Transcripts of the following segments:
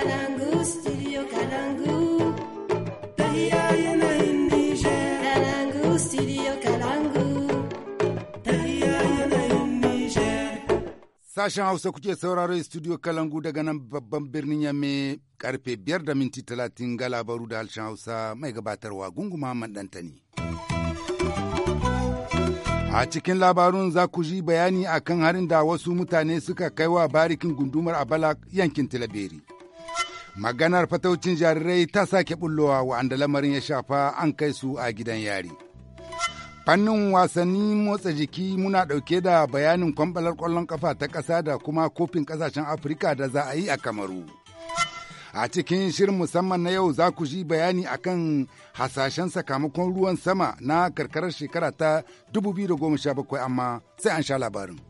Kalangu, Sashen Hausa kuke sauraro studio Kalangu daga nan babban birnin Yamme karfe biyar da minti talatin ga labaru da harshen Hausa mai gabatarwa muhammad dantani. A cikin labarun za ku ji bayani akan harin da wasu mutane suka kai wa barikin gundumar Abala yankin talabiri Maganar fataucin jarirai ta sake bullowa wa'anda lamarin ya shafa an kai su a gidan yari. Fannin wasanni motsa jiki muna ɗauke da bayanin kwambalar ƙwallon ƙafa ta ƙasa da kuma kofin ƙasashen Afirka da za a yi a Kamaru. A cikin shirin musamman na yau za ku ji bayani akan hasashen sakamakon ruwan sama na karkarar shekara ta 2017 amma sai an sha labarin.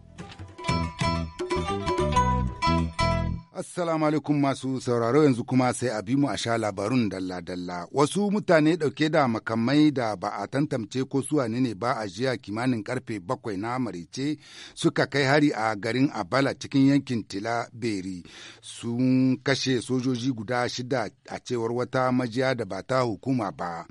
Assalamu alaikum masu sauraro yanzu kuma sai a bi mu a sha labarun dalla-dalla. Wasu mutane ɗauke da makamai da ba a tantamce ko suwa ne ba a jiya kimanin karfe bakwai na marice suka kai hari a garin Abala cikin yankin Tilaberi. Sun kashe sojoji guda shida a cewar wata majiya da ba ta hukuma ba.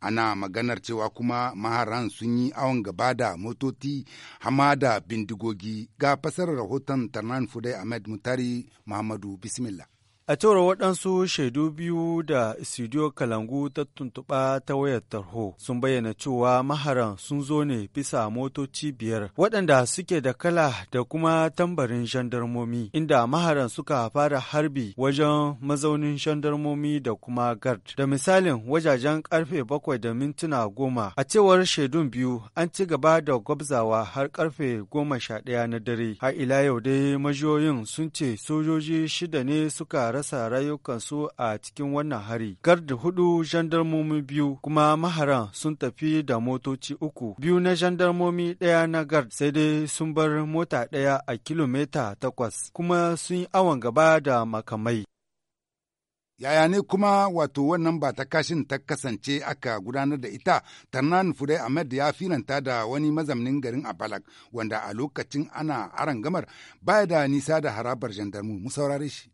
Ana maganar cewa kuma maharan sun yi awon gaba da motoci hamada bindigogi ga fasarar rahoton Tarnan Fudai Ahmed Mutari Muhammad محمد بسم الله A cewar waɗansu shaidu biyu da Studio Kalangu ta tuntuɓa ta wayar tarho sun bayyana cewa maharan sun zo ne bisa motoci biyar waɗanda suke da kala da kuma tambarin gendarmomi inda maharan suka fara harbi wajen mazaunin gendarmomi da kuma gard. Da misalin wajajen karfe bakwai da mintuna goma a cewar shaidun biyu an ci gaba da gwabzawa har karfe goma sha ɗaya na dare. Har ila yau dai majiyoyin sun ce sojoji shida ne suka rasa rayukansu a cikin wannan hari. Garda hudu jandarmomi biyu kuma maharan sun tafi da motoci uku. Biyu na jandarmomi ɗaya na gard sai dai sun bar mota ɗaya a kilomita takwas kuma sun yi awon gaba da makamai. yaya ne kuma wato wannan ba ta kashin ta kasance aka gudanar da ita tarnan fudai ahmed ya filanta da wani mazamnin garin abalak wanda a lokacin ana gamar baya da nisa da harabar jandarmu mu saurare shi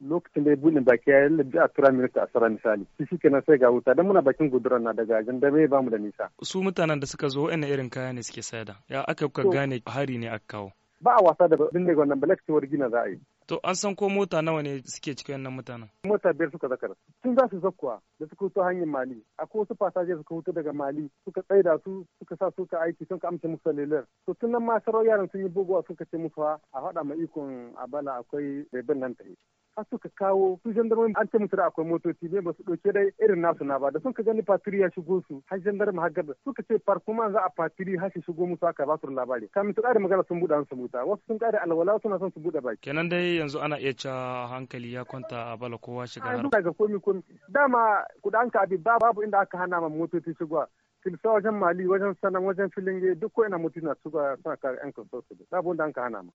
lokacin da ya buɗe baki ya yi a tura minista a tsara misali shi shi kenan sai ga wuta don muna bakin guduran na daga jandame ba mu da nisa. su mutanen da suka zo wa'annan irin kaya ne suke sayada. ya aka kuka gane hari ne aka kawo. ba a wasa da bindiga wannan balak cewar gina za a yi. To an san ko mota nawa ne suke cikin wannan mutanen? Mota biyar suka zakar. Sun za su zakkuwa da suka hutu hanyar Mali. Akwai wasu fasajiyar suka wuce daga Mali suka tsaida su suka sa suka aiki sun ka amsa musu lelar. To tun nan ma sarau yaran sun yi bugowa suka ce musu a haɗa ma ikon abala akwai bebin nan ta yi. har suka kawo su jandarmomi an ce musu da akwai motoci ne ba su ɗauke dai irin nasu na ba da sun ka gani fatiri ya shigo su har jandarma har gaba suka ce farkuma za a fatiri har shi shigo musu aka ba su labari kamin su ƙara magana sun buɗe su muta wasu sun ƙara alwala na son su buɗe baki. kenan dai yanzu ana iya cewa hankali ya kwanta a bala kowa shiga har. daga komi komi dama kuɗan ka abi babu inda aka hana ma motoci shigowa kilsa wajen mali wajen sanan wajen filin duk ko ina mutuna suna kare yan kasuwar su babu wanda an ka hana ma.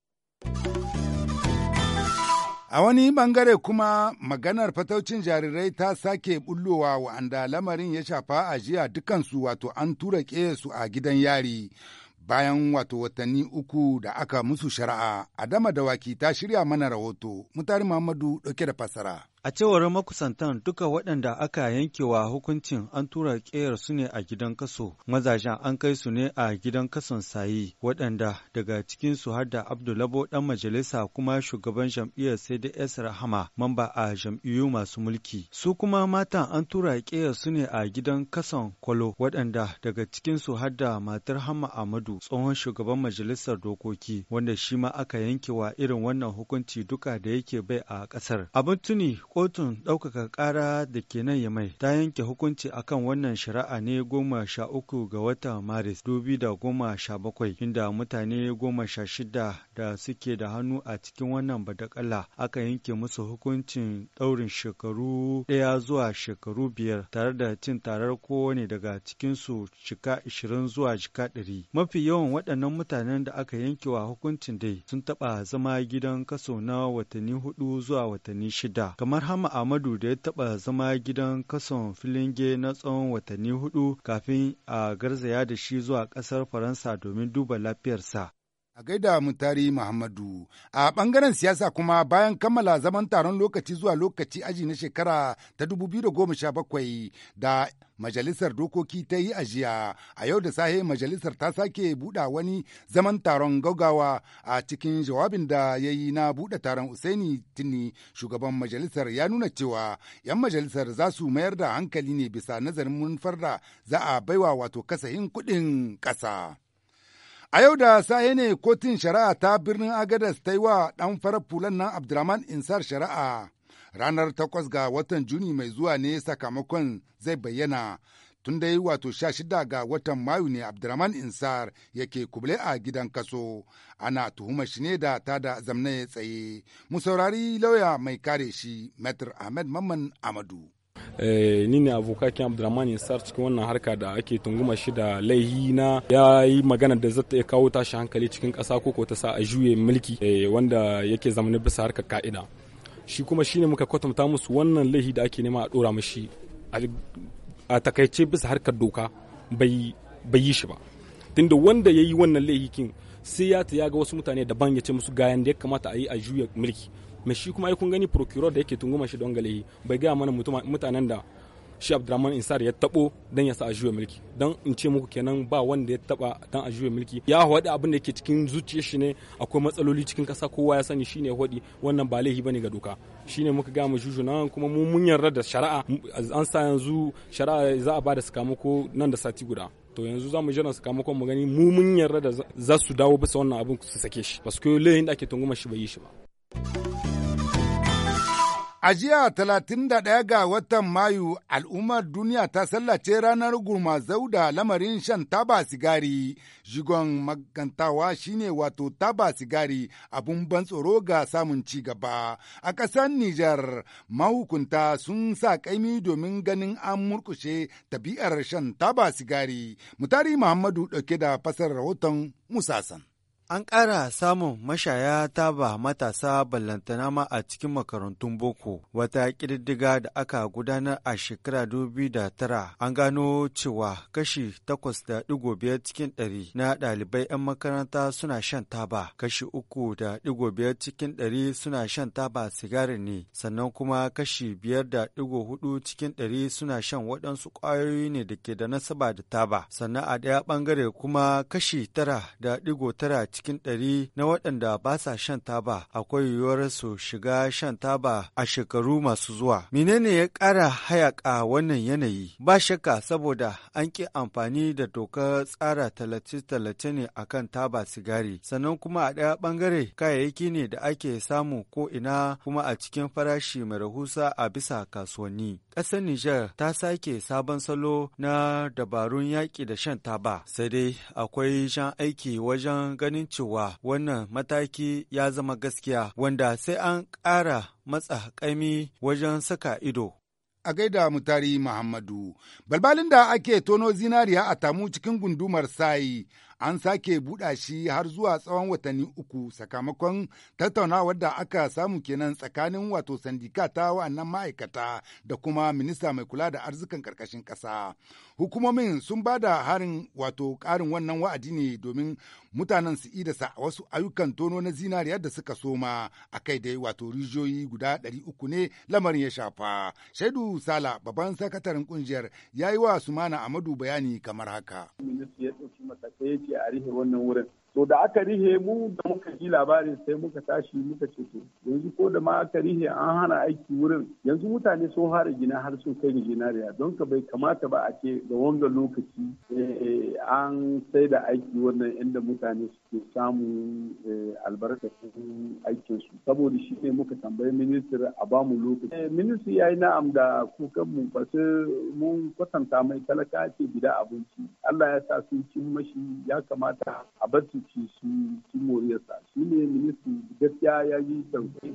A wani bangare kuma maganar fataucin jarirai ta sake bullowa wa'anda lamarin ya shafa a jiya dukansu wato an tura su a gidan yari bayan wato watanni uku da aka musu shari'a. Adama Dawaki ta shirya mana rahoto, Mutari Muhammadu ɗauke da fassara. A cewar makusantan duka waɗanda aka yankewa hukuncin an tura ƙeyar su ne a gidan kaso, mazajen an kai su ne a gidan kason sayi waɗanda daga cikin su har da Abdullabo ɗan majalisa kuma shugaban jam'iyyar CDS Rahama mamba a jam'iyyu masu mulki. Su kuma matan an tura ƙeyar su ne a gidan kason Kwalo waɗanda daga cikin su har da matar Hama Amadu tsohon shugaban majalisar dokoki wanda shi ma aka yankewa irin wannan hukunci duka da yake bai a ƙasar. Abin tuni kotun ɗaukaka ƙara da ke nan ya mai. ta yanke hukunci akan wannan shari'a ne goma sha uku ga watan maris dubi da goma sha bakwai inda mutane goma sha shida da suke da hannu a cikin wannan badakala aka yanke musu hukuncin ɗaurin shekaru ɗaya zuwa shekaru biyar tare da cin tarar kowane daga cikinsu shika ashirin zuwa shika ɗari mafi yawan waɗannan mutanen da aka yanke wa hukuncin dai sun taɓa zama gidan kaso na watanni hudu zuwa watanni shida kamar Marhama Ahmadu da ya taɓa zama gidan kason filinge na tsawon watanni hudu kafin a garzaya da shi zuwa ƙasar Faransa domin duba lafiyarsa. a gaida mutari muhammadu a bangaren siyasa kuma bayan kammala zaman taron lokaci zuwa lokaci aji na shekara ta 2017 da majalisar dokoki ta yi ajiya a yau da sahe majalisar ta sake buɗa wani zaman taron gaugawa a cikin jawabin da ya yi na buɗe taron usaini tini shugaban majalisar ya nuna cewa 'yan majalisar za su mayar da hankali ne bisa nazarin munfar da za a baiwa wato kasahin kuɗin ƙasa. A yau da saye ne kotun shari'a ta birnin Agadas ta yi wa ɗan farar fulan nan Abdulrahman Insar shari'a. Ranar takwas ga watan Juni mai zuwa ne sakamakon zai bayyana. Tun yi wato sha shida ga watan Mayu ne Abdulrahman Insar yake kuble a gidan kaso. Ana tuhumar shi ne da ta da zamna ya tsaye. Mu saurari lauya mai kare shi, Metr Ahmed Mamman Amadu. Eh, ni ne avoka kin abdulrahman sar cikin wannan harka da ake tunguma shi da laihi na ya yi magana da zata iya kawo tashi hankali cikin ƙasa ko ko ta sa a juye mulki eh, wanda yake zamanin bisa harkar ka'ida shi kuma shine muka kwatanta musu wannan laihi da ake nema a dora mashi a takaice bisa harkar doka bai yi shi ba tunda wanda ya yi wannan laihikin sai ya ta ya ga wasu mutane daban ya ce musu gayan da ya kamata a yi a juya mulki mai shi kuma ai kun gani procureur da yake tunguma shi don galehi bai gaya mana mutanen da shi abdurrahman insar ya tabo dan ya sa a juya mulki dan in ce muku kenan ba wanda ya taba dan a juya mulki ya hodi abin da yake cikin zuciyar shi ne akwai matsaloli cikin kasa kowa ya sani shine hodi wannan ba laifi bane ga doka shine muka ga mu juju nan kuma mu mun yarda da shari'a an sa yanzu shari'a za a bada sakamako nan da sati guda to yanzu za mu jira sakamakon mu gani mu mun yarda da za su dawo bisa wannan abin su sake shi basu koyo layin da ake tunguma shi bai yi shi ba A jiya ɗaya ga watan Mayu al'ummar duniya ta sallace ranar gurmazau da lamarin shan taba sigari, jigon magantawa shine wato taba sigari abun ban tsoro ga samun ci gaba. A ƙasar Nijar, mahukunta sun sa ƙaimi domin ganin an murkushe tabi'ar shan taba sigari. Mutari Muhammadu ɗauke da fasar rahoton Musasan. An ƙara samun mashaya taba matasa ballantana ma a cikin makarantun boko wata ƙididdiga da aka gudanar a shekara da tara an gano cewa kashi takwas da biyar cikin ɗari na ɗalibai 'yan makaranta suna shan taba kashi uku da biyar cikin ɗari suna shan taba sigari ne sannan kuma kashi biyar da hudu cikin ɗari suna shan waɗansu ƙwayoyi ne da ke da nasaba da taba sannan a ɗaya ɓangare kuma kashi tara da tara cikin ɗari na waɗanda ba sa shan taba akwai yiwuwar su shiga shan taba a shekaru masu zuwa. Menene ya ƙara hayaƙa wannan yanayi? Ba shakka saboda an ƙi amfani da dokar tsara talace-talace ne akan taba sigari, sannan kuma a ɗaya ɓangare kayayyaki ne da ake samu ko ina kuma a cikin farashi mai rahusa a bisa kasuwanni. Ƙasar Nijar ta sake sabon salo na dabarun yaƙi da shan taba, sai dai akwai jan aiki wajen ganin cewa wannan mataki ya zama gaskiya wanda sai an ƙara matsa ƙaimi wajen saka ido. a gaida mutari Muhammadu. Balbalin da ake tono zinariya a tamu cikin gundumar sayi an sake buɗa shi har zuwa tsawon watanni uku sakamakon tattaunawar da aka samu kenan tsakanin wato sandika ta wa'annan ma'aikata da kuma minista mai kula da arzikin karkashin ƙasa. Hukumomin sun ba da harin wato ƙarin wannan wa'adi ne domin mutanen su ida sa wasu ayyukan tono na zinariya da suka soma a kai dai wato rijiyoyi guda ɗari uku ne lamarin ya shafa. Shaidu Sala babban sakataren kungiyar ya yi wa Sumana Amadu bayani kamar haka. iya a rufe wannan wurin to da aka rihe mu da muka ji labarin sai muka tashi muka ce to yanzu ko da ma aka rihe an hana aiki wurin yanzu mutane sun hara gina har sun kai ga zinariya don ka bai kamata ba a ce ga wanga lokaci eh, an sai da aiki wannan inda mutane suke samu eh, albarkacin aikin su saboda shi ne muka tambayi ministir a bamu lokaci eh, ministir ya yi na'am da kukan mu ba sai mun kwatanta mai talaka ce gida abinci Allah ya sa sun cin mashi ya kamata a bar su su ci shi ne ministan gaskiya ya yi tankwai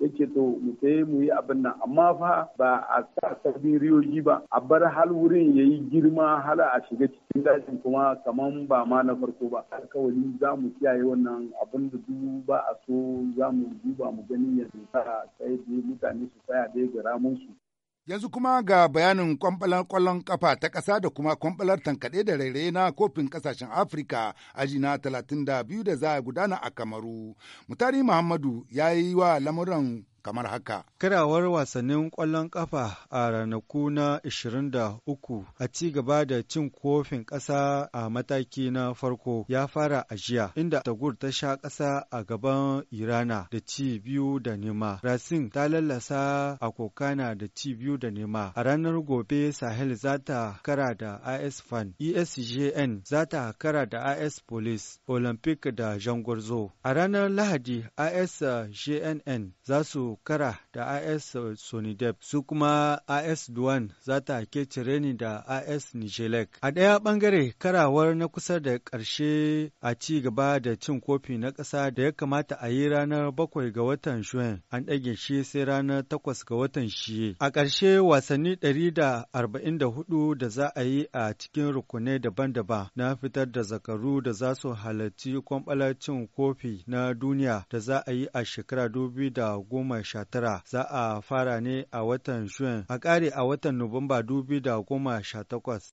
ya ce to mu sai mu yi abin nan amma fa ba a sa sabbin riyoji ba a bar hal wurin ya yi girma hala a shiga cikin dajin kuma kaman ba ma na farko ba alkawari za mu kiyaye wannan abin da duk ba a so za mu duba mu gani yanzu sa sai dai mutane su tsaya dai ga su. Yanzu kuma ga bayanin kwamfalar kwallon kafa ta ƙasa da kuma kwamfalar tankaɗe da rairaye na kofin ƙasashen Afirka aji na 32 da za a gudana a Kamaru. Mutari Muhammadu ya yi wa lamuran kamar haka. Karawar wasannin ƙwallon ƙafa a ranaku na 23 a ci gaba da cin kofin ƙasa a mataki na farko ya fara a jiya, inda Tagur ta sha ƙasa a gaban Irana da ci biyu da nema. Rasin ta lalasa a kokana da ci biyu da nema. A ranar gobe Sahel za ta kara da IS Fan, ESJN za ta kara da IS Police, Olympic da Jangorzo. A ranar Lahadi ISJNN za su kara da AS Sonidep su kuma AS duan za ta cire ni da AS Nijelek. A ɗaya bangare karawar na kusa da ƙarshe a ci gaba da cin kofi na ƙasa da ya kamata a yi ranar bakwai ga watan Juin an ɗage shi sai ranar takwas ga watan shi. A karshe wasanni ɗari da arba'in da hudu da za a yi a cikin rukunai daban-daban na fitar da zakaru da za su halarci kwamɓalar cin kofi na duniya da za a yi a shekara dubu da goma za a fara ne a watan shuwan a ƙare a watan Nuwamba dubi da goma sha takwas.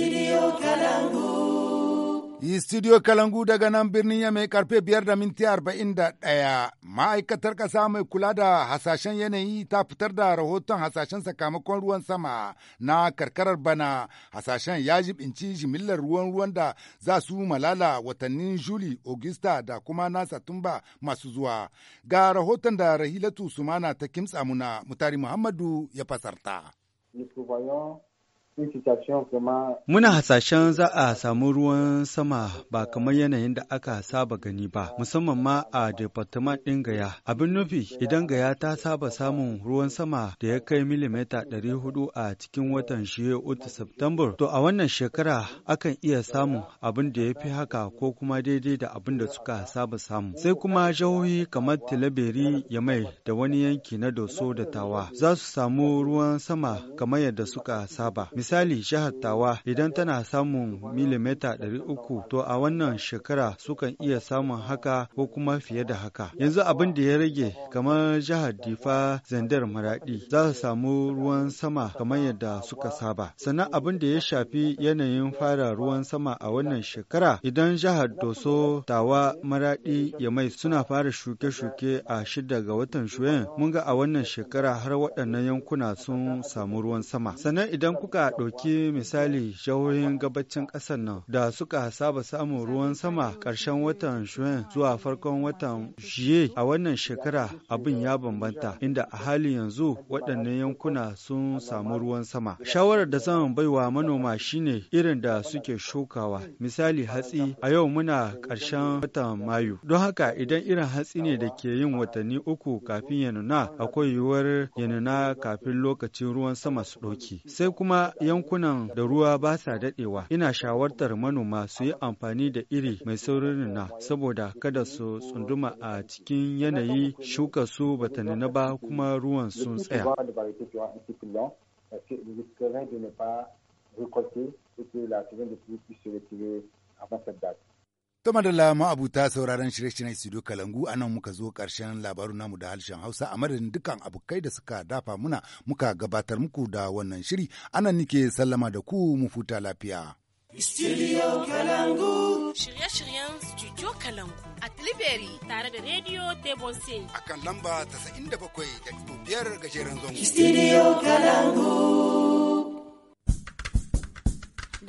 Studio Kalangu. Studio Kalangu daga nan birnin Yamai karfe biyar da minti arba'in da ɗaya. Ma'aikatar ƙasa mai kula da hasashen yanayi ta fitar da rahoton hasashen sakamakon ruwan sama na karkarar bana. Hasashen ya jibinci jimillar ruwan ruwan da za su malala watannin Juli, Ogista da kuma na Satumba masu zuwa. Ga rahoton da Rahilatu Sumana ta kimtsa muna, Mutari Muhammadu ya fasarta. Muna hasashen za a samu ruwan sama ba kamar yanayin da aka saba gani ba, musamman ma a Departement ɗin Gaya. Abin nufi idan Gaya ta saba samun ruwan sama da ya kai milimita 400 a cikin watan shiye uku September, to a wannan shekara akan iya samun abin da ya fi haka ko kuma daidai da abin da suka saba samu. Sai kuma jihohi kamar ya mai da wani yanki na Doso da Tawa za su samu ruwan sama kamar yadda suka saba. Misali jihar Tawa idan tana samun milimeta 300 to a wannan shekara sukan iya samun haka ko kuma fiye da haka. Yanzu abin da ya rage kamar jihar Difa Zandar Maradi za su samu ruwan sama kamar yadda suka saba. Sannan abin da ya shafi yanayin fara ruwan sama a wannan shekara idan jihar Doso Tawa Maradi mai suna fara shuke-shuke a shida ga watan Shuyen mun ga a wannan shekara har waɗannan yankuna sun samu ruwan sama. Sannan idan kuka ɗauki misali jihohin gabacin ƙasar nan da suka saba samun ruwan sama ƙarshen watan Juin zuwa farkon watan shiye a wannan shekara abin ya bambanta inda a halin yanzu waɗannan yankuna sun samu ruwan sama. Shawarar da zan baiwa manoma shine irin da suke shukawa. Misali hatsi a yau muna ƙarshen watan Mayu. Don haka idan irin hatsi ne da ke yin watanni uku kafin ya nuna akwai yiwuwar ya nuna kafin lokacin ruwan sama su ɗauki. Sai kuma yankunan da ruwa ba sa daɗewa ina shawartar manoma su yi amfani da iri mai saurin nuna saboda kada su tsunduma a cikin yanayi shuka su bata nuna ba kuma ruwan sun tsaya. To madalla ma'abuta sauraron shirye-shiryen studio Kalangu a nan muka zo ƙarshen labaru namu da harshen Hausa a madadin dukkan abokai da suka dafa muna muka gabatar muku da wannan shiri anan nike sallama da ku mu futa lafiya. Studio Kalangu. Shirye-shiryen Studio Kalangu a Tilibiri tare da Radio Tebonse. A kan lamba 97.5 gajeren zango. Studio Kalangu.